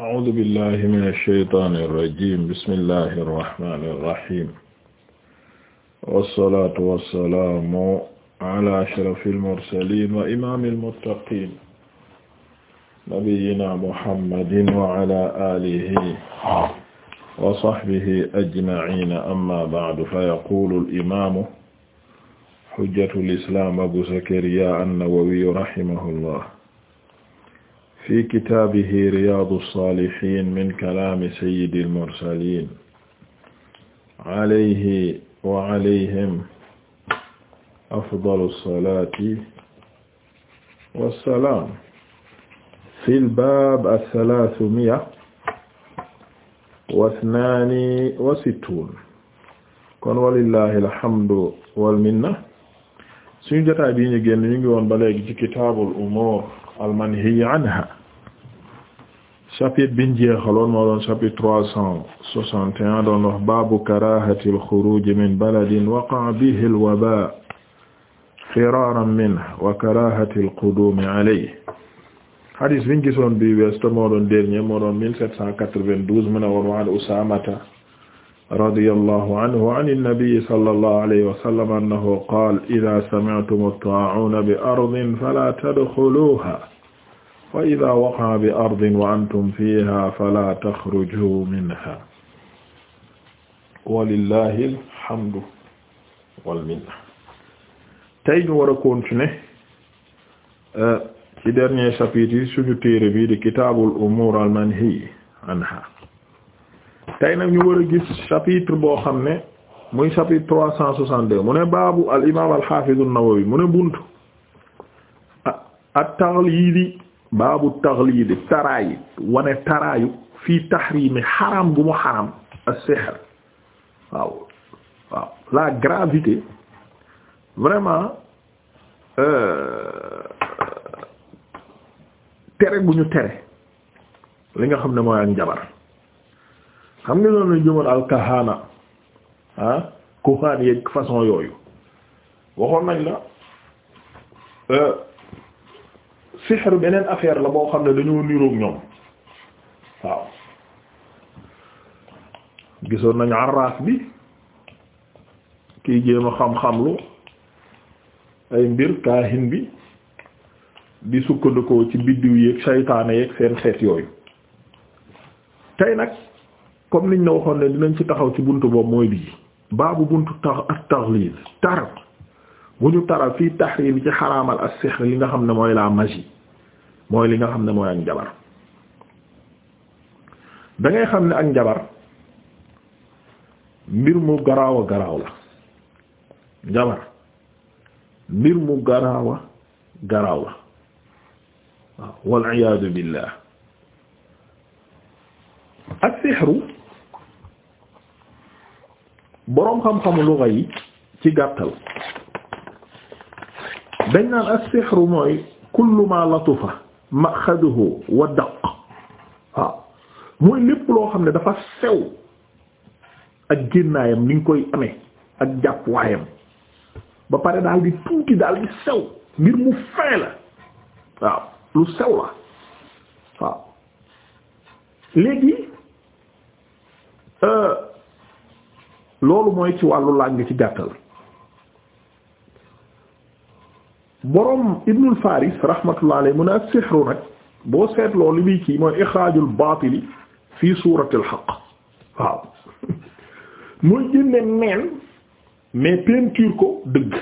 a'uuzu billahi mina shaytaani rajiim bismillahi rahmaani rahiim wassalaatu wassalaamu ala ashrafil mursaliin wa imaamil muttaqiin nabiyyinaa muhammadin wa ala aalihi wa sahbihi ajma'iin amma ba'du fayaquulu al-imaamu hujjatul islaam Abu Zakariyaa an-Nawawi rahimahullah fi kitaabihi riyaadu saalihiin min kalaami sayyidil mursaliin alayhi wa alayhim afdalu salaati wa salaam. fil baab as-salaasumiya wa isnaani wa sittuun. kon walillaahi alhamdu wal minna. suñu jotaay bi ñu génn ñu ngi woon ba léegi ci kitaabul umuur almanhiyi anha chapitre biñ jeexaloon moo doon chapitre trois cent soixante et un doon wax baabu karahati alxuruji min baladin waqa'a bihi alwaba firaran minhu wa karahati alqudumi alayhi hadis biñ gisoon bi weesta moo doon dernier moo doon mille sept cent quatre-vingt-douze mu ne woon wa an usamata radiyallahu anhu wa an an-nabi sallallahu alayhi wa sallam annahu qaala idha sami'tum at-ta'una bi ardin fala tadkhuluha fa ida waqaa bi ardin wa antum fiha fala taxruju minha walillahi alhamdu walminna tey ñu war a continuer euh, dernier chapitre yi bi di kitaabul umuur al manhi anha tey nag ñu war gis chapitre boo xam ne muy chapitre trois cent soixante-deux mu ne baabu al imaam al xaafiz an-Nawawi mu ne baabu taxliidi taraayi wane taraayu fii taxriimi xaram gu mu xaram as-sihr waaw waaw la gravité vraiment euh, tere gu ñu tere li nga xam ne mooy ak njabar xam nga noonu la jëmal alkahana ah kuhaan façon yooyu waxoon nañ la euh, sihr beneen affaire la boo xam ne dañoo niroog ñoom waaw gisoon nañu arras bi kii jéem a xam-xam lu ay mbir kaahin bi di sukkandikoo ci biddiw yeeg saytaane yeeg seen xeet yooyu tey nag comme niñ la waxoon ne dinañ ci taxaw ci buntu boobu mooy bii baabu buntu tax ak taxliil tarab bu ñu taral fii tahrim ci xaraamal as-sihr li nga xam ne mooy la magie mooy li nga xam ne mooy ak njabar da ngay xam ne ak njabar mbir mu garaaw a garaaw la njabar mbir mu garaaw a garaaw la waaw wal billaah ak sixru boroom xam-xamu luga yi ci gàttal dañ naan ak sixru mooy kullu ma latufa maxaduhu wa daq waaw mooy lépp loo xam ne dafa sew ak génnaayam ni nga koy amee ak jàppuwaayam ba pare daal di tuuti daal di sew ngir mu fee la waaw lu sew la waaw léegi euh, loolu mooy ci wàllu làng ci gàttal borom Ibnul Faris rahmatullah alayhi mu ne ak sixru nag boo seetloo li muy kii mooy ixraajul baatili fii suuratil xaq waaw mooy génne neen mais peinture ko dëgg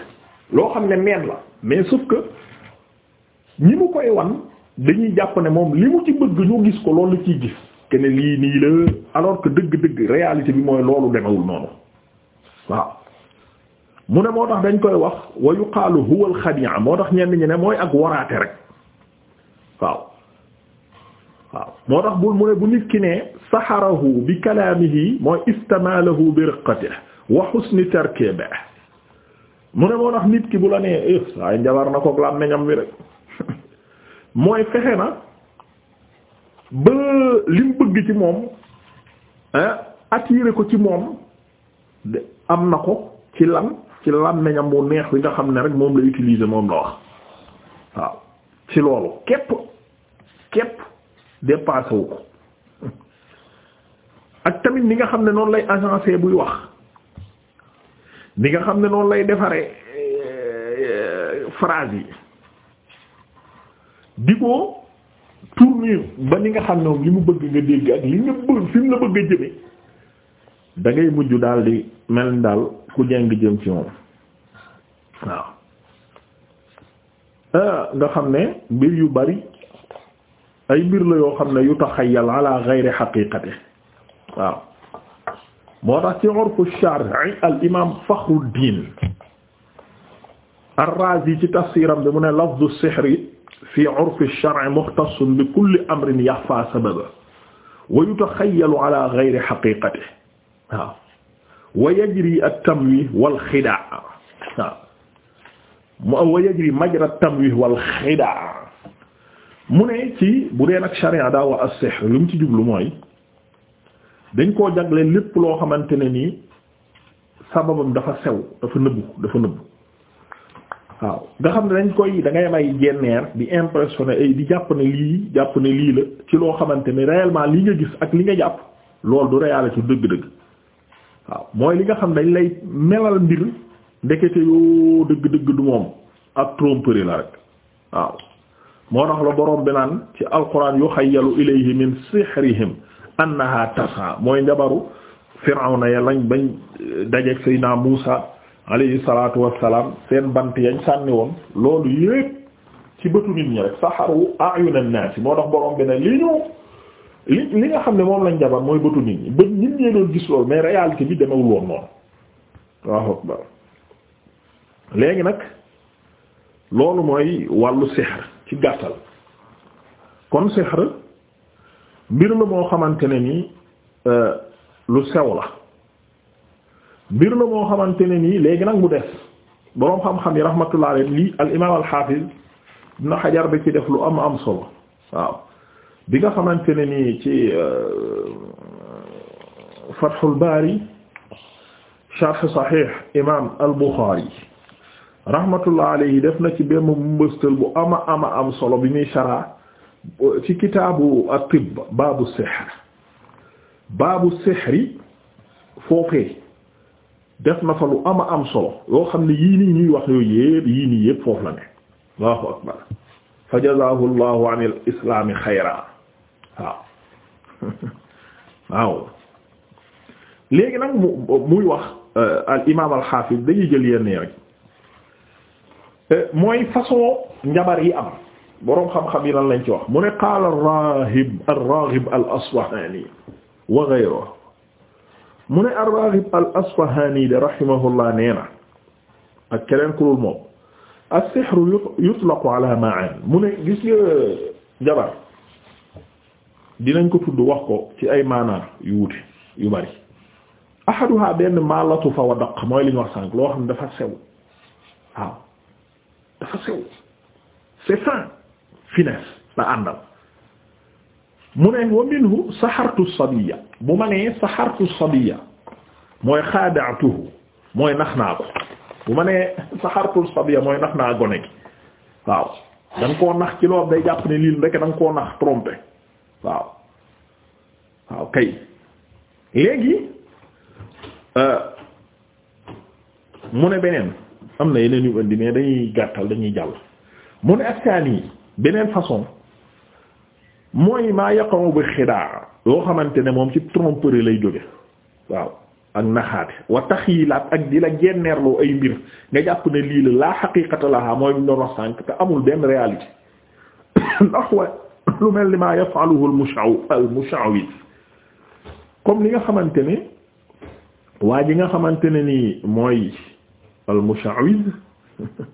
loo xam ne neen la mais sauf que ñi mu koy wan dañuy jàpp ne moom li mu ci bëgg ñu gis ko loolu la ciy gis kene lii nii la alors que dëgg-dëgg réalité bi mooy loolu demewul noonu waaw mu ne moo tax dañ koy wax wa yuqaalu huwa alxadi'a moo tax ñenn ñi ne mooy ak waraate rek waaw waaw moo tax bu mu ne bu nit ki ne saxarahu bi kalaamihi mooy istamaalahu bi riqatihi wa husni tarkibihi mu ne moo tax nit ki bu la nee eh, saay njabar na koog làmmiñam wi rek mooy fexe na ba lim bëgg ci moom eh, attiré ko ci moom am na ko ci lan ci làmmiñam bu neex bi nga xam ne rek moom la utiliser moom la wax waaw ci loolu képp képp dépassé wu ko ak tamit ni nga xam ne noonu lay agencé buy wax ni nga xam ne noonu lay defaree euh, phrase yi di ko ba ni nga xam ne moom li mu bëgg nga dégg ak li nga bëgg fi mu la bëgg a jëme da mujj daal di mel ni daal ku jàng jëm ci moom ah, xam ne mbir yu bari ay mbir la yoo xam ne yu taxayal ala ghayri haqiqati moo tax ci urfu shar'i al imam Fakhruddin ar-Razi ci tafsiram bi mu ne lafzu sihri fi urfi shar'i mukhtassun bi kulli amrin yaxfa sababa wa yutakhayalu ala ghayri haqiqati waaw wa yajri ak tamwih wal xidaa waaw mu am wa yajri majra at-tamwih wal xidaa mu ne ci bu dee nag sharia daa wa as-sihr lu mu ci jublu mooy dañ koo jagle lépp loo xamante ne nii sababam dafa sew dafa nëbbu dafa nëbbu waaw nga xam ne dañ koy da ngay may jenneer di impressionné ay eh, di jàpp ne lii jàpp ne lii la ci loo xamante ne réellement li nga gis ak li nga jàpp lool du réalité dëgg-dëgg waaw mooy li nga xam dañ lay melal mbir ndekete yoo dëgg-dëgg du moom ak tromperie la rek waaw moo tax la boroom bi naan ci alquran yuxayyalu ilayhi min sihrihim annaha tasa mooy njabaru firawna ya lañ bañ euh, dajeek sayna Muusa alayhi salaatu wassalaam seen bant yañ sànni woon loolu yépp ci bëtu nit ñi rek saharu a'yunan naas moo tax borom bi ne li ñu li li nga xam ne moom lañ jabar mooy bëtu nit ñi bët nit ñee doon gis loolu mais réalité bi demewul woon noonu waaw akbar léegi nag loolu mooy wàllu sihr ci gàttal kon sihr mbir la moo xamante ne ni euh, lu sew la mbir la moo xamante ne nii léegi nag mu des boroom xam-xam yi rahmatullah alayhi lii al imaam al xaafiz ibn Hajar ba ci def lu am am solo waaw bi nga xamante ne nii ci euh, Fathul Baari sharh Sahih imaam al-Bukhari rahmatullah alayhi def na ci benn mbëstal bu ama ama am solo bi muy shara ci kitaabu at-tibb baabu sihr baabu sihri foofee def na fa lu ama am solo yoo xam ne yii nii ñuy wax yooyu yépp yii nii yépp foofu akbar fa jazaahu Allahu an al-islaami waaw waaw léegi nag mu muy wax euh, al imaam al xaafis dañuy jël yenn yi rek euh, mooy façon njabar yi am boroom xam-xam yi lan lañ ci wax mu ne qaala ar-raahib ar-raaghib al-asbahaani wa ghayruhu mu ne ar-raaghib al-asbahaani de rahimahullah nee na ak keneen ku dul moom as-sihru yutlaqu ala ma'an mu ne gis nga euh, njabar dinañ ko tudd wax ko ci ay maana yu wuti yu bari ahaduha benn ma latufa wa daq mooy li wax sànq loo xam ne dafa sew waaw dafa sew c'est fin finesse la àndal mu ne wa minhu saxartu sabiya bu ma nee saxartu sabiya mooy xaada'tuhu mooy nax naa ko bu ma nee saxartu sabiya mooy nax naa gone gi waaw da koo nax ci day jàpp ne lii rek da nga koo nax trompé waaw waaw kay léegi euh, mu ne beneen am na yeneen yu indi mais dañuy gàttal dañuy jàll mu ne askaani beneen façon mooy maa yaqamu bi xidaa yoo xamante ne moom ci tromperie lay jóge waaw ak naxaate wa taxiilaat ak di la genneerloo ay mbir nga jàpp ne lii la laa xaqiiqata laha mooy doon wax te amul benn yi ndax wa lu mel ni maa yafaluhu al mushaw al mushawis comme li nga xamante ni waa ji nga xamante ne ni mooy al mushawis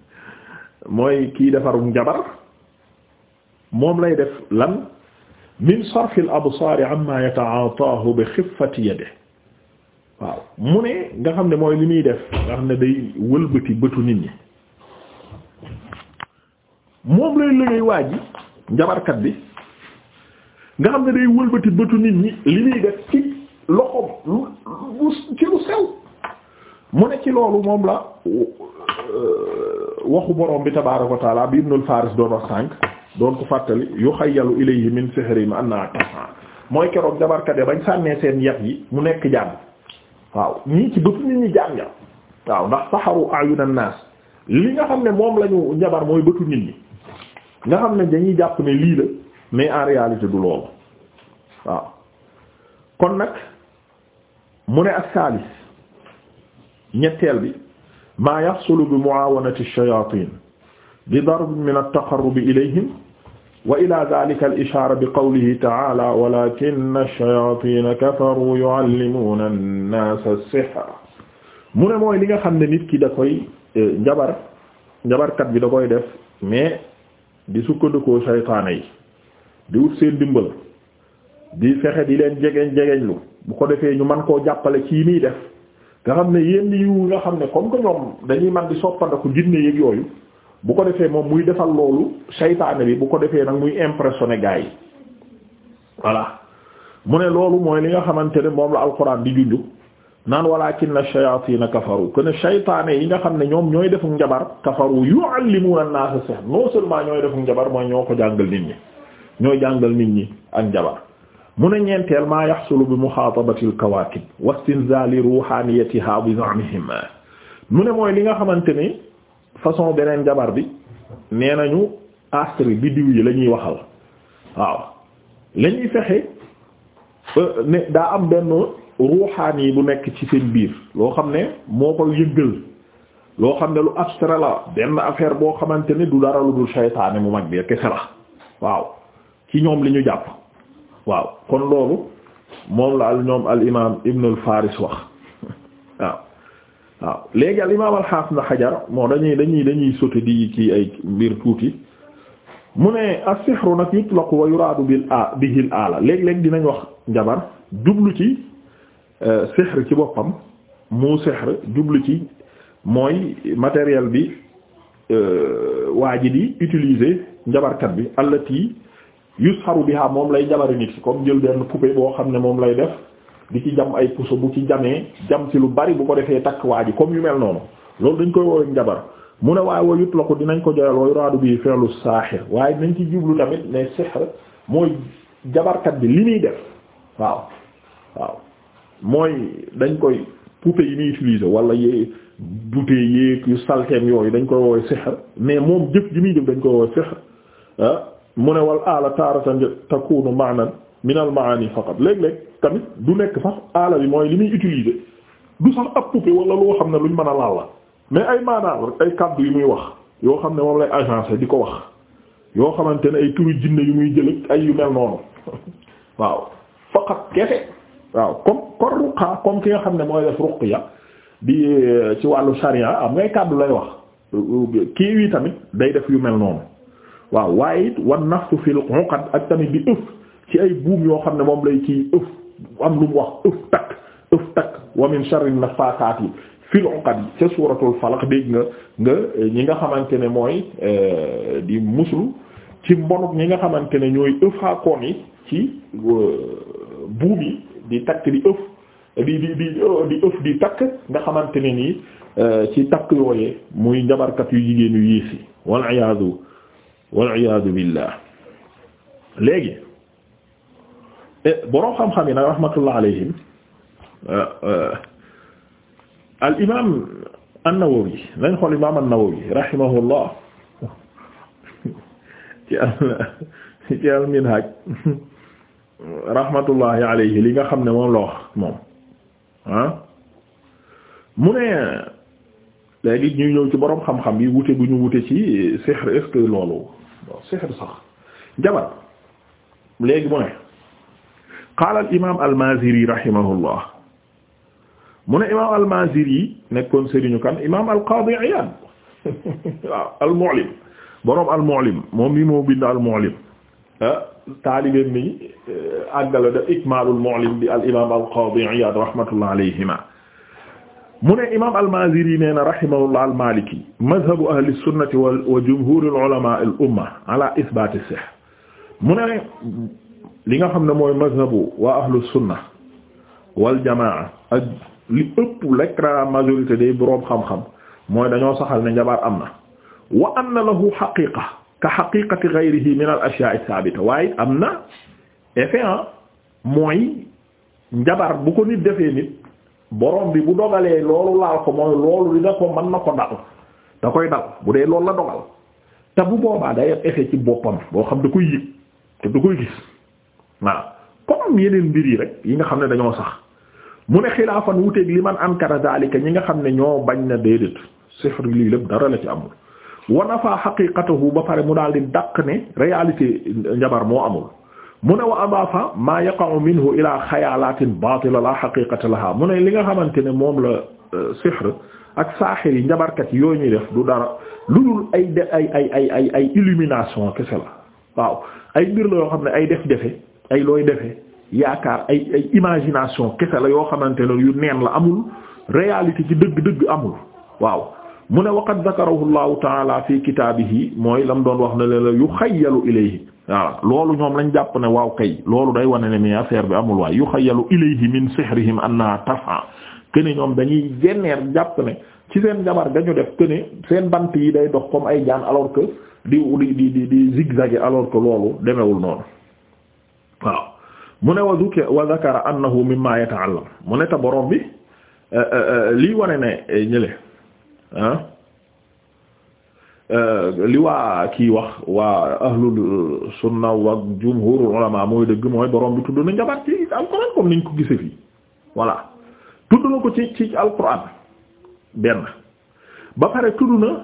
mooy kii defarum jabar moom lay def lan min sarfi al absaar amma yata'ataahu bi xiffati yadihi waaw mu ne nga xam ne mooy li muy def nga xam ne day wëlbati bëtu nit ñi moom lay liggéey waa ji njabarkat bi nga xam ne day wëlbati bëtu nit ñi li muy def ci loxoom lu ci lu sew mu ne ci loolu moom la euh, waxu borom bi tabaaraka wa taala bi Ibnul Faris doon wax sànq doon ko fàttali yu ilayhi yalu sihrihim annahaa mooy keroog jabarkat bañ sànnee seen yat yi mu nekk jàmm waaw ñii ci bëtu nit ñi jàmm waaw ndax saxaru ayunan naas li nga xam ne moom lañu njabar mooy bëtu nit ñi nga xam ne dañuy jàpp ne lii la mais en réalité du loolu waaw nag mu ne ak saalis ñetteel bi maa yaxsulu bi muawanati ash-shayatin bi darb min at-taqarrub ilayhim wa ila dhalika al-ishara bi qawlihi ta'ala walakinna ash-shayatina kafaru yu'allimuna an-nasa as-sihra mu ne mooy li nga xam ne nit ki da koy eh, njabar njabarkat bi da koy def mais di sukkandikoo saytaane yi di wut seen dimbal di fexe di leen jegeñ jegeñlu bu ko defee ñu man koo jàppale ci muy def nga xam ne yenn yu nga xam ne comme que ñoom dañuy man di soppandaku jinne yëg yooyu bu ko defee moom muy defal loolu saytaane bi bu ko defee nag muy impressionné gaa yi voilà mu ne loolu mooy li nga xamante ne moom la alxuraan di junju naan walaakinna shayaatiina kafaru que ne saytaane yi nga xam ne ñoom ñooy defuk njabar kafaru yu'allimuuna an-naasa sihr non seulement ñooy defuk njabar mooy ñoo ko jàngal nit ñi. ñooy jàngal nit ñi ak njabar mu ne ñeenteel maa yaxsulu bi muxaatabati alkawaakib wa istinzaali ruuxaaniyatiha bi zaamihim mu ne mooy li nga xamante ni façon beneen jabar bi nee nañu astre biddiw yi lañuy ñuy waxal waaw la fexe euh, daa am benn ruuxaan yi bu nekk ci seen biir loo xam ne moo ko yëggal loo xam ne lu abstrait la benn affaire boo xamante ni du dara lu dul seytaane mu mag bi kese la waaw ci ñoom li ñu jàpp waaw kon loolu moom la al ñoom al imaam Ibn al Faris wax waaw waaw léegi al imaam al xajar moo dañuy dañuy dañuy sotti di ci ay mbir tuuti mu ne as-sihru nag yutlaqu wa yuraadu bil a bihi al ala léeg-léeg dinañ wax njabar jublu ci euh, sihr ci boppam mu sihr jublu ci mooy matériel bi euh, waa ji di utiliser njabarkat bi allati yusharu biha moom lay jabari nit ki comme jël benn poupée boo xam ne moom lay def di ci jam ay puso bu ci jamee jam si lu bari bu ko defee takk waa ji comme yu mel noonu loolu dañ koy woowe njabar mu ne waaye wa ko dinañ ko joyal wa yuraadu bi fi'lu saaxir waaye dinañ ci jublu tamit ne sihr mooy jabarkat bi li muy def dañ koy poupée yi muy utiliser wala yee bouteille yéeg salteem yooyu dañ koy woowe sihr mais moom jëf ji muy jëf dañ koy woowe sihr ah mu ne wal aala taaratan takunu maanan min al maani faqat léeg-léeg tamit du nekk sax aala bi mooy li muy utiliser du sax ab poupée wala loo xam ne luñ mën a laal la mais ay maanaam rek ay kàddu yu muy wax yoo xam ne moom lay agencé di ko wax yoo xamante ne ay turu jinne yu muy jël ay yu mel noonu waaw faqat kese waaw comme kon ruqa comme ki nga xam ne mooy def ruqya di euh, ci wàllu sharia am ngay kàddu lay wax kii wi tamit day def yu mel noonu waaw waaye it wan nafsu fil uqad ak tamit di ëf ci ay buum yoo xam ne moom lay ci ëf am lu mu wax ëf takk ëf takk wa min sharri nafaasaat yi fil uqad yi ca suuratul falaq dégg nga nga eh, ñi nga xamante ne mooy eh, di muslu ci mbonuk ñi nga xamante ne ñooy ëf xaakoon yi ci buum yi di takk di ëf di di di oh, ëf di takk nga xamante ne nii eh, ci takk yooyee muy njabarkat yu jigéen yu yiis yi wal iyaadu wal iyaadu billah léegi eh, boroom xam-xam yi nag rahmatullah alayhim eh, eh, al imaam an-Nawawi nañ xool imaam an-Nawawi rahimahullah ci al ci al minhaj rahmatullahi alayhi li nga xam ne moom la wax moom ah. mu ne léegi ñuy ñëw ci boroom xam-xam yi wute bu ñu wute ci sihr est-ce loolu bon sihir sax jabar léegi mu ne qaala al imaam al Maaziri rahimahullah mu ne imaam al Maaziri nekkoon sëriñu kan imaam al Qaadi Iyaad waaw al Mu'lim boroom al Mu'lim moom mi moo bind al Mu'lim taalibeem mi eh, àggale da Ikmaalul Mu'lim bi al imaam al Qaadi Iyaad rahmatullah alayhima mu ne imaam al-Maaziri nee na rahimahullah al-Maliki mazhabu ahli sunnati wa jumhuri al-ulama ala isbaati sih mu ne li nga xam ne mooy mazhabu waa ahlu sunna wal jamaa ak li ëpp l'écra majorité day boroom xam-xam mooy dañoo saxal ne njabaar am na wa anna lahu xaqiqa ka xaqiqati gayrihi min al ashyaa waaye am na effet ah, mooy njabar bu ko nit defee nit borom bi bu dogalee loolu laal ko moom loolu dina ko man na ko dal da koy dal bu dee loolu la dogal te bu boobaa day am ci boppam boo xam da koy yëg te da koy gis waaw comme yeneen mbir yi rek yi nga xam ne dañoo sax mu ne xilaafan wuteeg li man ankara zalika ñi nga xam ne ñoo bañ na déedéet sihr lii lépp dara la ci amul wa nafa haqiqatahu ba pare mu daal di dàq ne réalité njabar moo amul mu ne wa adaafa maa yaqa'u minhu ila xayalatin batila la xaqiqata laha mu ne li nga xamante ne moom la euh, sihr ak saaxir yi njabarkat yoo ñuy def du dara lu dul ay de ay ay ay ay ay illumination kese la waaw ay mbir la yoo xam ne ay def-defe ay looy defe yaakaar ay ay imagination kese la yoo xamante ne yu neen la amul réalité ci dëgg-dëgg amul waaw mu ne waqad zakarahu llahu taala fi kitaabihi mooy lam doon wax ne leen la yuxayyalu waaw loolu ñoom lañ jàpp ne waaw kay loolu day wane ne mi affaire bi amul waay yuxayalu ilayhi min sihrihim naa tafa kene ñoom dañuy jenneer jàpp ne ci seen jabar dañu def kene seen bant yi day dox comme ay jaan alors que di di di di zigzag alors que loolu demewul noonu waaw mu ne wa zuke wa zakara annahu mimma yata'allam mu ne ta borom bi euh, euh, euh, lii wane ne eh, ñële Euh, li waa kii wax waa ahlul sunna wa jumhurul ulama mooy dëgg mooy borom bi tudd na njabar ci alquran comme ko gise fii voilà ko ci ci alquran benn ba pare tudd na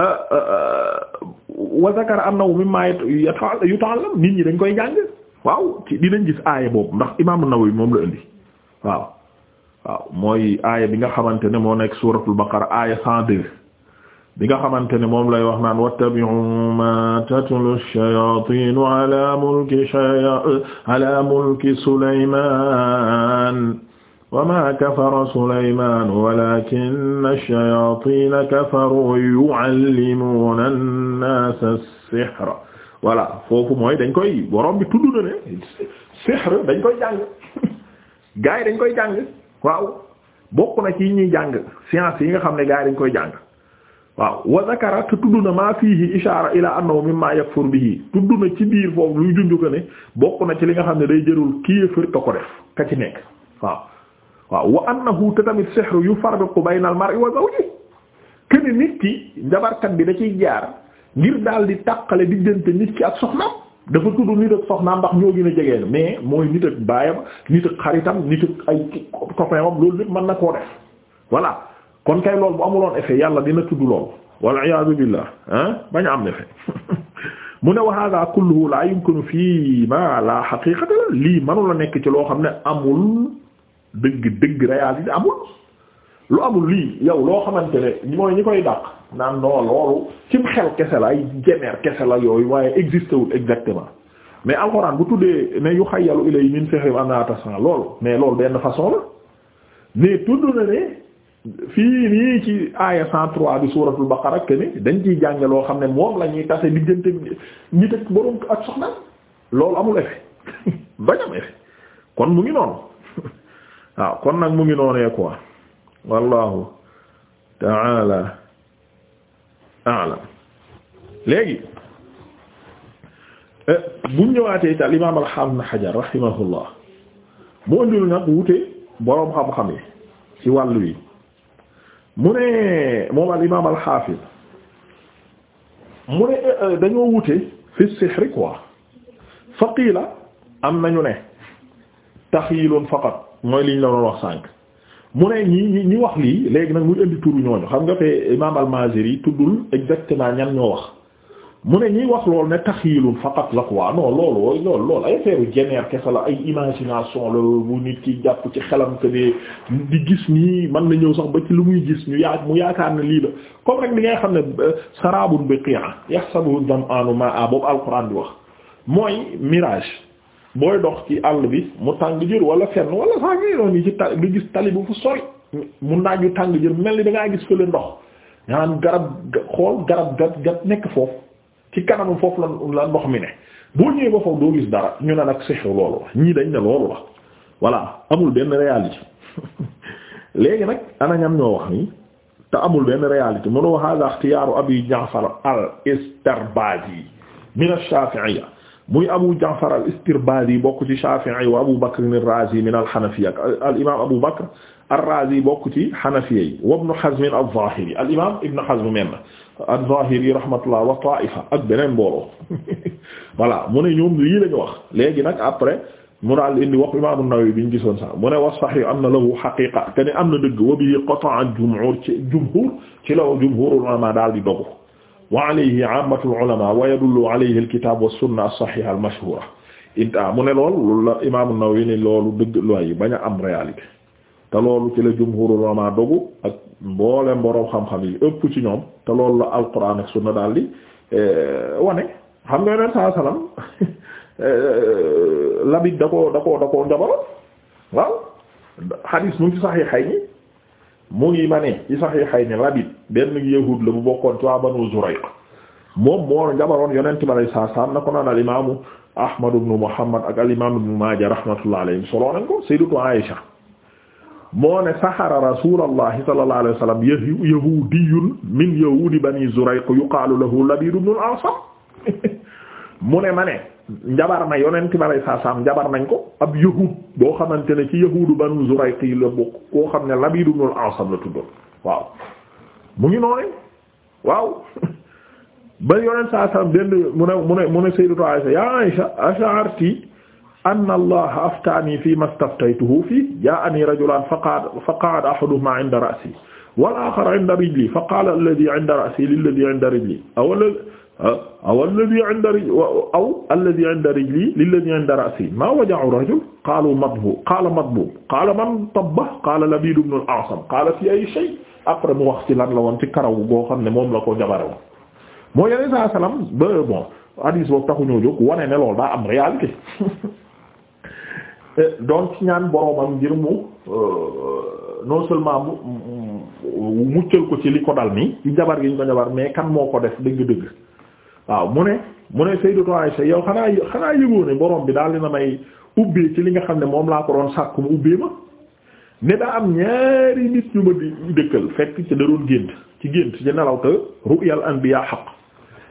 euh, euh, wa zakara annahu nit ñi dañ koy jàng waaw ci dinañ gis aaya boobu ndax imaamu Nawawi moom la indi waaw mooy aaya bi nga xamante ne moo nekk suuratul baqara aaya 102 bi nga xamante ne moom lay wax naan wattabi'u ma tatlu ash-shayatin ala mulki ala mulki sulayman wa ma kafara sulayman walakinna ash-shayatina kafaru yu'allimuna an-nasa as mooy dañ koy ne sihr dañ koy jàng na ci ñuy jàng science yi nga xam ne gars dañ koy jàng waaw wa zakara te tudd na maa fiihi ishaara ila annahu mimma yakfur bihi tudd na ci biir foofu luy junj ko ne bokk na ci li nga xam ne day jërul kii te ko def ka ci nekk waaw waaw wa annahu te tamit sihru yufarriqu bayna al-mar'i wa zawjihi kene nit ki njabarkat bi da ciy jaar ngir daal di tàqale diggante nit ki ak soxnaam dafa tudd nit ak soxnaam ndax ñoo gën a jege mais mooy nit ak baayam nit ak xaritam nit ak ay copain am mën na koo def voilà kon kay loolu bu amuloon effet yàlla dina tudd lool wal iyaadu billah ah bañ am effet mu ne wa hada kulluhu la yumkinu fii ma laa haqiqata la lii manula nekk ci loo xam ne amul dëgg dëgg réalité amul lu amul lii yow loo xamante ne mooy ñi koy dàq naan non loolu ci xel kese la ay jemeer kese la yooyu waaye existe wul exactement mais alxuraan bu tuddee ne yu xayyalu ilay min fihim annaha tas'a loolu mais loolu benn façon la mais tudd na fii nii ci aaya 103 bi suuratul baqara que dañ ciy jànge loo xam ne moom la ñuy tase diggante nit ak borom ak soxna loolu amul effet bañ am kon mu ngi noonu waaw kon nag mu ngi noonee quoi wallahu ta'ala a'lam léegi eh, buñ ñëwaatee ci al imaam al-Haafiz Ibn Hajar rahimahullah mu ëndil nag wute boroom xam-xam yi ci wàll wi mu ne moom al imaam al xaafis mu ne euh, euh, dañoo wute fi sihri quoi fa qiila am nañu ne taxyiilun faqat mooy liñ la doon wax sànq mu ne ñi ñi wax lii léegi nag muy indi turu ñooñu xam nga fee imaam al maaziri tuddul exactement ñan ñoo wax mu ne ñuy wax loolu ne taxilul faqat la quoi non loolu wooy loolu loolu ay feeru jeneer kese la ay imagination la bu nit ki jàpp ci xelam que di gis nii mën na ñëw sax ba ci lu muy gis ñu yaa mu yaakaar ne lii la comme rek li ngay xam ne euh, sarabun biqi'a yahsabu dam'anu ma'a boobu alquran bi wax mooy mirage booy dox ci àll bi mu tàng jër wala fenn wala saa ngay doon yi ci ta nga gis tali bu fu sori mu gi tàng jër mel ni da gis fële ndox ñaan garab xool garab gat nekk foofu ci kanamu foofu la la ndox mi ne boo ba foofu doo dara ñu ne nag sixru loolu la ñii dañ ne loolu la voilà amul benn réalité léegi nag ana ñam ñoo wax nii te amul benn réalité mënu wa hada ikhtiyaaru abi ja'far al istirbazi min ash-shafi'iyya muy abu ja'far al istirbazi bokk ci shafi'i wa abu bakr ar-razi min al-hanafiyya al imam abu bakr ar-razi bokk ci hanafiyyi wa ibn hazm al-zahiri al imam ibn hazm az-Zahiri rahmatullah wa ta'ifa ak beneen mbooloo voilà mu ne ñoom lii la ñu wax léegi nag après mu daal indi wax Imam An-Nawawi bi ñu gisoon sax mu ne wa sahih am na lahu haqiqa te ni am na dëgg wa bihi qata'a jumhur ci jumhur ci law jumhurul ulama daal di dogu wa alayhi ammatul ulama wa yadullu alayhi al-kitab was-sunna as-sahiha al-mashhura inta mu ne lool loolu la Imam An-Nawawi ne loolu dëgg looy bañ a am réalité te loolu ci la jumhurul ulama dogu ak mboolem boroom xam-xam yi ëpp ci ñoom te loolu la alquran ak sunna daal di eh, wane xam nga yeneen saa salaam eh, labit da ko da koo da koo njabaroon waaw xadiis mu ngi ci Saxiixayni mu ngi ma ne ci Saxiixayni labit benn yahuud la bu bokkoon ci waa Banu Zurayq moom moo njabaroon yonent ba lay saa na ko naan al imaamu Ahmad ibn Muhammad ak al imaamu Ibn Maaja rahmatullah alayhim solo nañ ko Sayyidatu Aïsha moo ne saxara rasulallahi sallallahu alayhi wa sallam yahudiyun min yahudi bani zurayq yuqaalu lahu labid ibn al-asam mu ne ma ne njabar na yonent ma lay saasaam njabar nañ ko ab yahud boo xamante ne ci yahudu banu zurayq la bokk koo xam ne labid ibn al la tuddoon waaw mu ngi noonu waaw ba yonent saasaam benn mu ne mu ne mu ne sayyidatu Aisha ya Aisha anna allaha aftaani fi ma staftaytuhu fi jaa'ani rajulan faqa'ada ahaduhuma 'inda ra'si wal akhar 'inda rijli fa qala alladhi 'inda ra'si lilladhi 'inda rijli aw alladhi 'inda rijli aw alladhi 'inda rijli lilladhi 'inda ra'si ma waja'u rajul qalu madbub qala madbub qala man tabba qala labid ibn al-a'sam qala fi ay shay après mu wax ci lan la woon ci karaw goo xam ne moom la ko jabarewoon moo yeneen saa salaam ba bon hadis boobu taxuñoo jóg wane ne loolu daa am réalité doon ci ñaan boroomam ngir mu euh, non seulement mu muccal ko ci li ko dal nii ci jabar gi ñu ko jabar mais kan moo ko def dëgg-dëgg waaw mu ne mu ne Sayyidatu Aisha yow xanaa xanaa yëgoo ne borom bi daal dina may ubbee ci li nga xam ne moom laa ko doon sàkk mu ubbee ma ne daa am ñaari nit ñu ma dëkkal fekk ci da doon gént ci gént ci nelaw te ru'yal anbiya xaq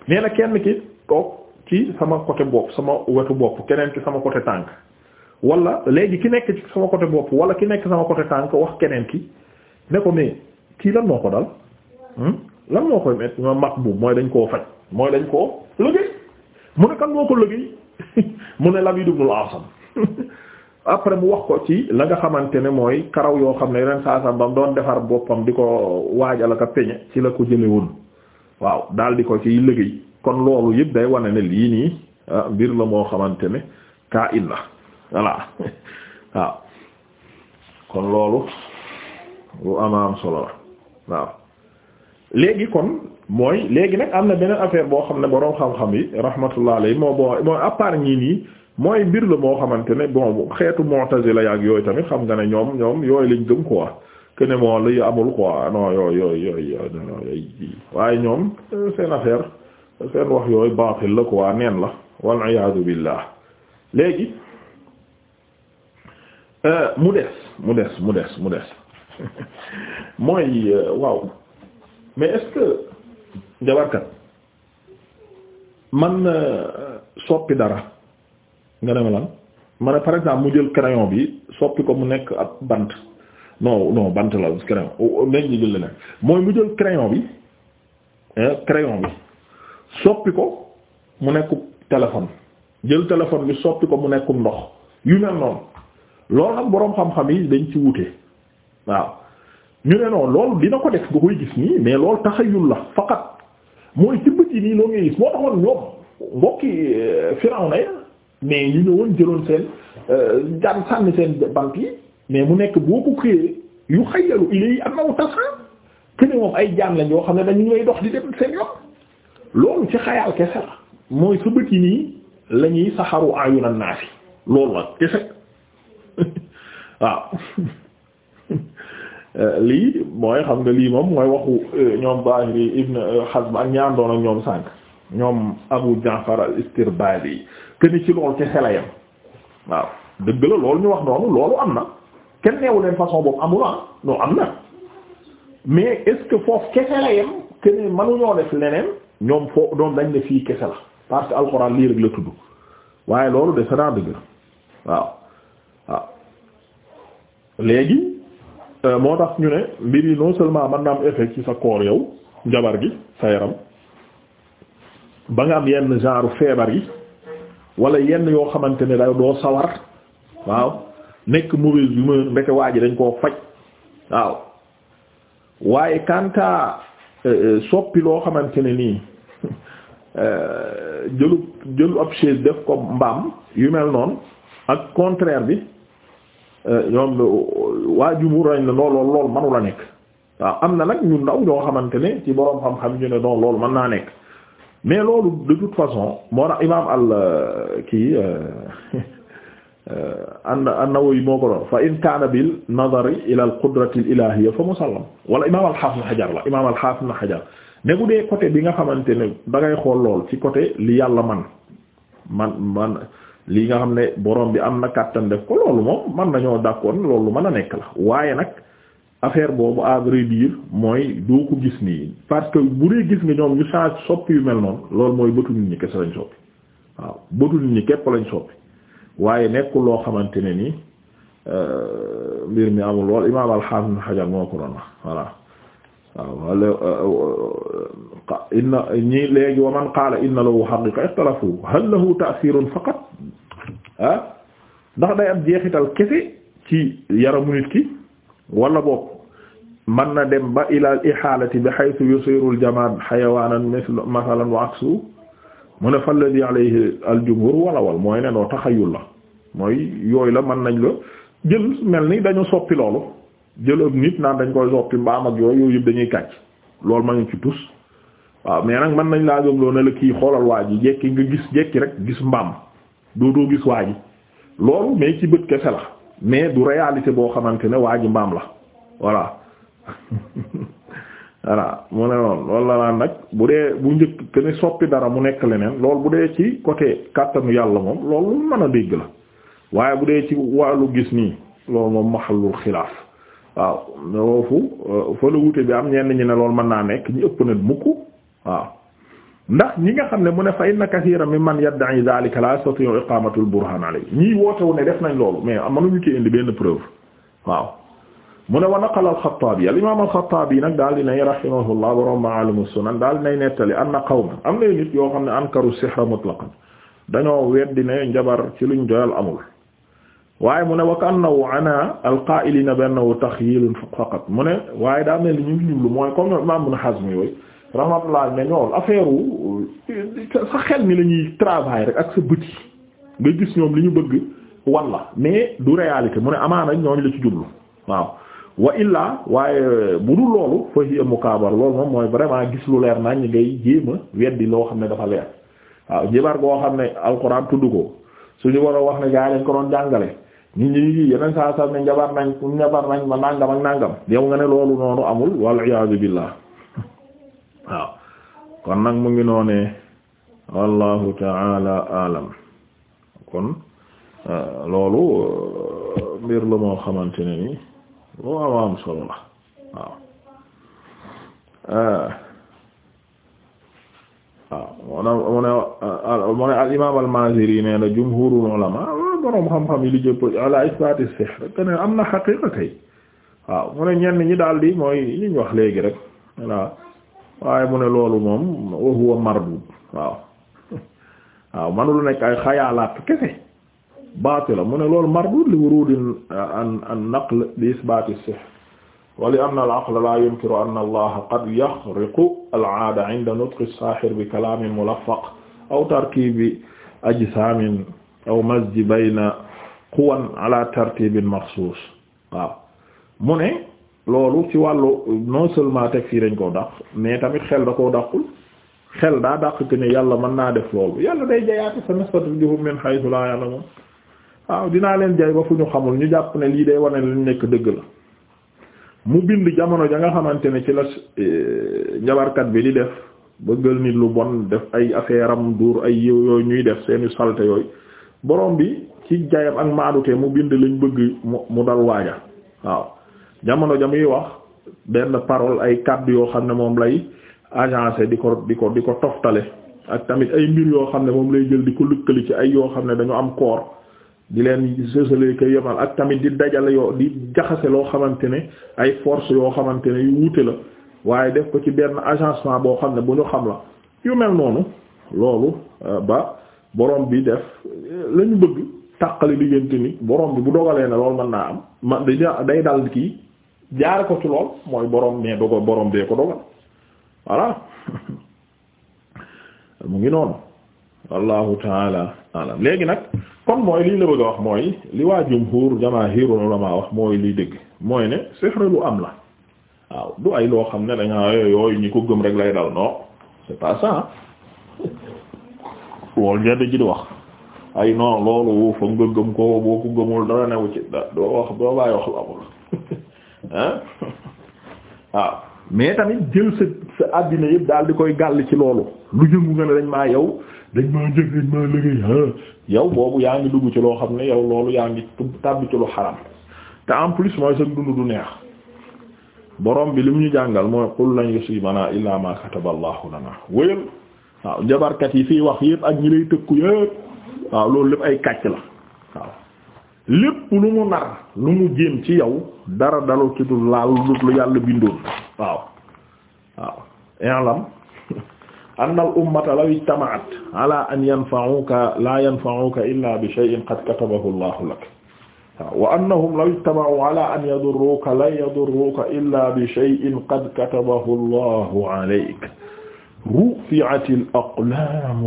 nee na kenn ki toog ci sama côté bopp sama wetu bopp keneen ki sama côté tànk wala léegi ki nekk ci sama côté bopp wala ki nekk sama côté tànk wax keneen ki ne ko mais kii lan moo ko dal hmm? lan moo koy met ma mat bu mooy dañ koo faj mooy dañ koo liggéey mu ne kan moo ko liggéey mu ne Labid ibn al-Asam après mu wax ko ci la nga xamante ne mooy karaw yoo xam ne yeneen saasam bam doon defar boppam di ko waajal ak a peñe ci la ko jële woon waaw daal di ko ciy liggéey kon loolu yëpp day wane ne lii nii ah, mbir la moo xamante ne kaa la voilà waaw kon loolu lu amaam solo la waaw léegi kon mooy léegi nag am na beneen affaire boo xam ne boroom xam-xam yi rahmatullah alayhi moo boo mooy à part nii mooy mbir la moo xamante ne bon xeetu mu'tazila yaak yooyu tamit xam nga ne ñoom ñoom yooyu lañ gëm quoi que ne moo lu amul quoi non yooyu yooyu yooyu waaye ñoom euh, seen affaire seen wax yooyu baatil la quoi neen la wal iyaadu billah léegi Euh, mu des mu des mu des mu des mooy euh, waaw mais est-ce que jabarkat man euh, soppi dara nga dem lan ma ne par exemple mu jël crayon bi soppi ko mu nekk ak bant non non bant la crayon nañ ñu jël leneen mooy mu jël crayon bi crayon bi soppi ko mu nekk téléphone jël téléphone bi soppi ko mu nekkum ndox yu mel noonu. loolu nag boroom xam-xam yi dañ ci wute waaw ñu ne noonu loolu dina ko def nga koy gis nii mais loolu taxayul la faqat mooy ci yi nii loo ngay gis moo taxoon ñoom euh, mais ñu ñëwoon jëloon seen euh, jaan sànni seen banque mais mu nekk boo ko moom ay jaan lañ yoo xam ne dañu ngay dox di dem seen yoon loolu ci xayaal kese la mooy sa yi nii la ñuy saxaru ayunan naasi loolu la kese waaw lii mooy xam nga lii moom mooy waxu eh, ñoom Zahiri ibn eh, Hazm ak ñaan doon ak ñoom sànq ñoom Abu Ja'far al-Istirbadi ni ci lool ci xelayam waaw dëgg la loolu ñu wax noonu loolu am na kenn neewu leen façon boobu amul ah am na mais est-ce que foofu kese la yem que ne mënuñoo def leneen ñoom foo ñoom dañ ne fii kese la parce que alxuraan lii rek la tudd waaye loolu de sa dëgg waaw. léegi euh, moo tax ñu ne mbir yi non seulement man na am effet ci sa koor yow njabar gi sa yaram ba nga am yenn genre feebar yi wala yenn yoo xamante ne day doo sawar waaw nekk mauvaise humeur ndeke waa ji dañ koo faj waaw waaye kanta euh, euh, soppi loo xamante ne nii jëlu jëlu ab chaise def ko mbaam yu mel noonu ak contraire bi Euh, ñoom euh, waa jumhur rañ ne non loolu lool la nekk waaw am na nag ñu ndaw ñoo xamante ne ci boroom xam-xam ñu ne non loolu mën naa nekk mais loolu de toute façon moo tax imaam al euh, kii an-Nawawi moo ko doon fa in kaana bil nadari ila al qudrati al ilahiyya fa musallam wala imaam al-Hafiz Ibn Hajar la imaam al-Hafiz Ibn Hajar ne bu dee bi nga xamante ne da ngay xool lool ci côté li yàlla man man man lii nga xam ne borom bi am na kàttan def ko loolu moom man nañoo d'accord loolu mën a nekk la waaye nag affaire boobu à vrai mooy doo ko gis nii parce que bu dee gis nga ñoom ñu change soppi yu mel noon loolu mooy bëtu nit ñi kese lañ soppi waaw bëtu nit ñi képp lañ soppi waaye nekkul loo xamante ne ni euh, mbir mi amul lool imaam al-Hasan Hajar moo ko doon wax voilà. waaw wala euh, euh, in ñi léegi wa man qaala inna lahu haqiqa ixtalafu hal lahu ta'sirun faqat ah, ndax day am jeexital kese ci yaramu nit ki wala boog mën na dem ba ila al ihaalati bi haythu yusiru al jamaad hayawanan masalan wa aksu mu ne falladi alayhi al jumhur wala wal mooy ne noo taxayul la mooy yooyu la mën nañ la jël mel ni dañu soppi loolu jëlab nit naan dañ koy soppi mbaam ak yooyu yëpp dañuy kàcc loolu ma ñu ci tus waaw mais nag mën nañ laa gëm loo ne la kii xoolal waa ji jekki nga gis jekki rek gis mbaam dootoo gis waa ji loolu mais ci bët kese la mais du réalité boo xamante ne waa ji mbaam la voilà voilà mu ne noonu loolu la naan nag bu dee bu njëkk que ne soppi dara mu nekk leneen lool bu dee ci côté kàttanu yàlla moom loolu mën a dégg la waaye bu dee ci wàllu gis nii loolu moom maxallul waaw foofu euh, fa la wute bi am ñenn ñi ne loolu mën naa nekk ñu ëpp na mukk waaw ndax ñi nga xam ne mu ne fa inna kathiran mimman yadda'i dhalika la yastati'u iqamatu al-burhan alayhi ñii wootewu ne def nañ loolu mais mënuñu ci indi benn preuve waaw mu ne wa naqala al-Xattaabi al-imaam al-Xattaabi nag daal di nay rahimahullah borom Ma'aalim as-Sunan daal di nay nettali anna qawman am na nit yoo xam ne ankaru sihra mutlaqan dañoo weddi ne njabar ci luñ doyal amul waaye mu ne na kannahu ana alqaa'ilina bi annahu taxyiilun faqat mu ne waaye daa mel ni ñu ngi jublu mooy comme imam Ibn Hazm yooyu rahmatullah ne ñoom affaire ni la ñuy travail ak sa gis ñoom li ñu bëgg wan la du réalité mu ne amaana ñooñ la ci jublu waaw wa illaa waaye bu dul loolu fa hiya mukaabar loolu moom mooy vraiment gis lu leer nañ ngay jéema weddi loo xam ne dafa leer waaw jébar goo xam ne alxuraan tudd ko suñu war a wax ne gaa yi lañ ko doon jàngale nit ñi yeneen saa saa ne njabar nañ njabar nañ ma nàngam ak nàngam yow nga ne loolu noonu amul wal iyaazu billaah waaw kon nag mu ngi noonee wallahu taala alam kon eh, loolu eh, mbir la moo xamante ne ni loo am am solo la waaw eh. waaw mu ne mu ne al imaam al Maaziri nee na jumhuurul ulamaa boroom xam-xam yi li jëpp ala isbaati sihr te ne am na xaqiqa kay waaw mu ne ñenn ñi daal di mooy li ñu wax léegi rek voilà waaye mu ne loolu moom wa huwa mardud waaw waaw manul nekk ay xayaalaat kese baati la mu ne loolu mardud li wurudi an an naql bi isbaati sihr wa li anna al aql la yunkiru anna allaha qad yaxriqu al aada inda nutqi as-sahir bi kalaamin mulaffaq aw tarkibi ajsaamin aw masji bayna quwan ala tartibin maxsuus waaw mu ne loolu ci wàllu non seulement teg fii dañ koo dàq mais tamit xel da koo dàqul xel daa dàq que ne yàlla mën naa def loolu yàlla day jayaati sa nastatrjuhum min haythu la ya'lamun waaw dinaa leen jay ba fu ñu xamul ñu jàpp ne lii day wane lañ nekk dëgg la mu bind jamono ja nga xamante ne ci la eh, njabarkat bi di def bëggal nit lu bon def ay affaire am duur ay yow yooyu ñuy def seeni salte yooyu borom bi ci jayam ak maadute mu bind lañ bëgg mu mu dal waaja waaw jamono ja muy wax benn parole ay kàddu yoo xam ne moom lay agencé di ko di ko di ko toftale ak tamit ay mbir yoo xam ne moom lay jël di ko lëkkali ci ay yoo xam ne dañu am koor di leen sësale ko yemal ak tamit di dajale yoo di jaxase loo xamante ne ay force yoo xamante ne yu wuute la waaye def ko ci benn agencement boo xam ne bu ñu xam la yu mel noonu loolu euh, ba borom bi def lañu ñu bëgg tàqali diggante ni borom bi bu dogalee na loolu mën naa am man day dal kii jaare ko ci lool mooy borom mais dogal borom bee ko dogal voilà mu ngi noonu wallahu taala alam léegi nag kon mooy lii la bëgg a wax mooy li waa jumhur jamaahirul ulama wax mooy lii dëgg mooy ne sihr lu am la waaw du ay loo xam ne dañaa yooyu ñi ko gëm rek lay dal non c'est pas ça loolu ñenn ji di wax ay non loolu foog nga gëm ko boo ko gëmul dara newu ci da doo wax doo bàyyi wax lu amul waaw ah. mais tamit jël sa àddina yëpp daal di koy gàll ci loolu lu jëngu nga ne dañ maa yow dañ maa jëg dañ maa liggéey ah yow boobu yaa ngi dugg ci loo xam ne yow loolu yaa ngi tàbbi ci lu xaram te en plus mooy sa dund du neex borom bi li mu ñu jàngal mooy qul lan yusibanaa illaa maa kataba allahu wéyal waaw jabarkat yi fii wax yépp ak ñi lay tëkku yépp waaw loolu lépp ay kàcc la waaw lépp lu mu nar lu mu jéem ci yow dara daloo ci dul laal lu yàlla bindoon waaw waaw i'lam anna al ummata law ijtama'at ala an yanfa'uka la yanfa'uka illa bi shay'in qad katabahu Allahu lak waaw wa annahum law ijtama'u ala an yadurruka la yadurruka illa bi shay'in qad katabahu Allahu alayk rufi'atil aqlaam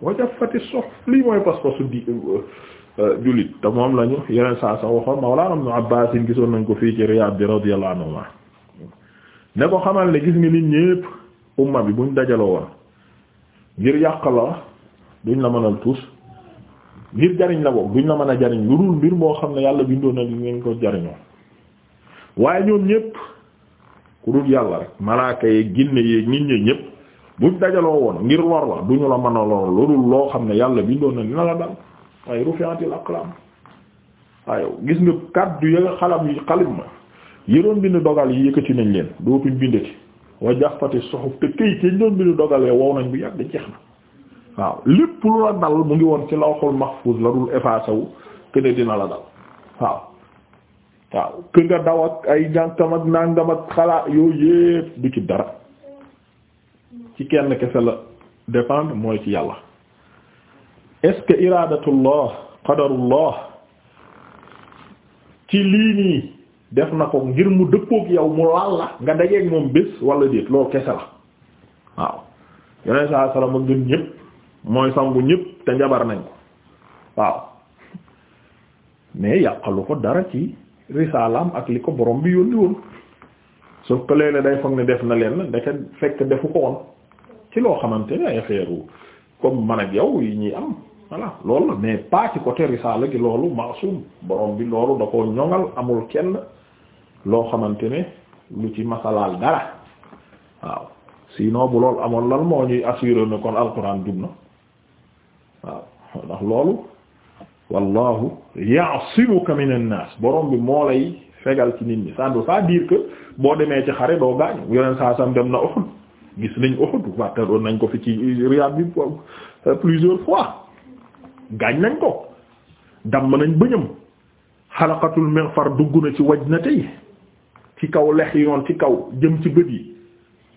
wa jaffati suhuf lii mooy pas-pasu euh, euh, jullit te moom lañu yeneen saa sa waxoon Mawlaana Ibnu Abbaas gisoon nañ ko fii ci Riyaad bi radiyallahu anhuma ne ko xamal ne gis nga nit ñépp umma bi buñ dajaloo woon ngir yàq la duñ la mënal tuus ngir jariñ la boobu duñ la mën a jariñ lu dul mbir moo xam ne yàlla bindoo na li ngeen ko jariñoo waaye ñoom ñépp ku dul yàlla rek malaaka yeeg ginne yeeg nit ñi ñépp buñ dajaloo woon ngir lor la du ñu la mën a lor loolu loo xam ne yàlla bindoon na dina la dal ay rufi'atil aqlam waaye gis nga kàddu ya xalam yi xalim ma yëroon bind dogal yi yëkkati nañ leen doo bindati wa jaxfati suhuf te këyit yañ doon bind dogalee wow nañ bu yàgg jeex na waaw lépp lu la dal mu ngi woon ci lawhul mahfuz la dul effacé wu que ne dina la dal waaw waaw que nga daw ak ay njànkam ak nangam ak xalaat yooyu yépp du ci dara. ci kenn kese la dépendre mooy ci yàlla est-ce que iradatullah qadarullah ci lii nii def na ko ngir mu dëppook yow mu laal la nga dajeeg moom bés wala déet loolu kese la waaw yeneen saa salaam ak gën ñëpp mooy sangu ñëpp te njabar nañ ko waaw mais yàqalu ko dara ci risaalaam ak li ko borom bi yónni woon sauf que day foog ne def na leen ndeke fekk defu ko woon ci loo xamante ne ay xeeru comme man ak yow yi ñuy am voilà lool la mais pas ci côté risaala gi loolu maasum borom bi loolu da ko ñoŋal amul kenn loo xamante ne lu ci masalaal dara waaw sinon bu lool amoon lan moo ñuy assuré ne kon alquran jub na waaw ndax loolu wallahu ya'simuka minan nas borom bi moo lay fegal ci nit ñi ça ne veut pas dire boo demee ci xare doo gaañu yeneen saa sam dem na Uhud gis nañ Uhud waxtaanoon nañ ko fi ci Riyad bi euh, plusieurs fois gaañ nañ ko damm nañ bëñam xalaqatul mighfar dugg na ci waj na tey ci kaw lex yoon ci kaw jëm ci bët yi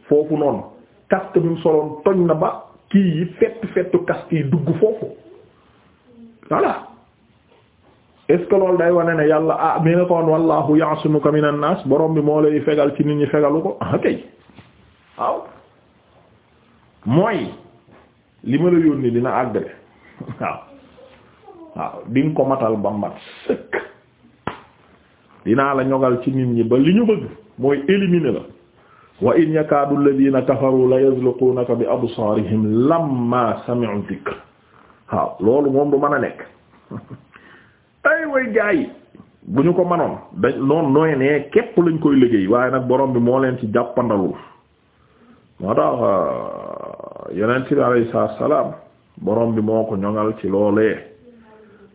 foofu noonu casque bi mu soloon toj na ba kii yi fett fettu casque yi dugg foofu voilà est ce que loolu day wane ne yàlla ah mi na ko woon wallahu ya'simuka minan nas borom bi moo lay fegal ci nit ñi fegalu ko ah kay waaw mooy li ma la yónni dina àggale waaw waaw di ko matal ba mat sëkk dinaa la ñogal ci nit ñi ba li ñu bëgg mooy éliminer la wa in yakaadu alladhina kafaru la yazluqunaka bi absaarihim lamma sami'u dhikr waaw loolu moom du mën a nekk ay way gaa bu ñu ko manoon dañ noon nooy nee képp lañ koy liggéey waaye nag borom bi moo leen ci jàppandalul moo tax yonent bi alayhi salaam borom bi moo ko ñoŋal ci loolee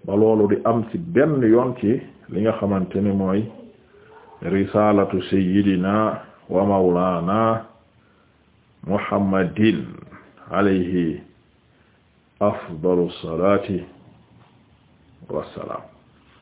ba loolu di am ci benn yoon ci li nga xamante ne mooy risalatu sayyidina wa mawlana muhammadin alayhi afdalu salati wassalaam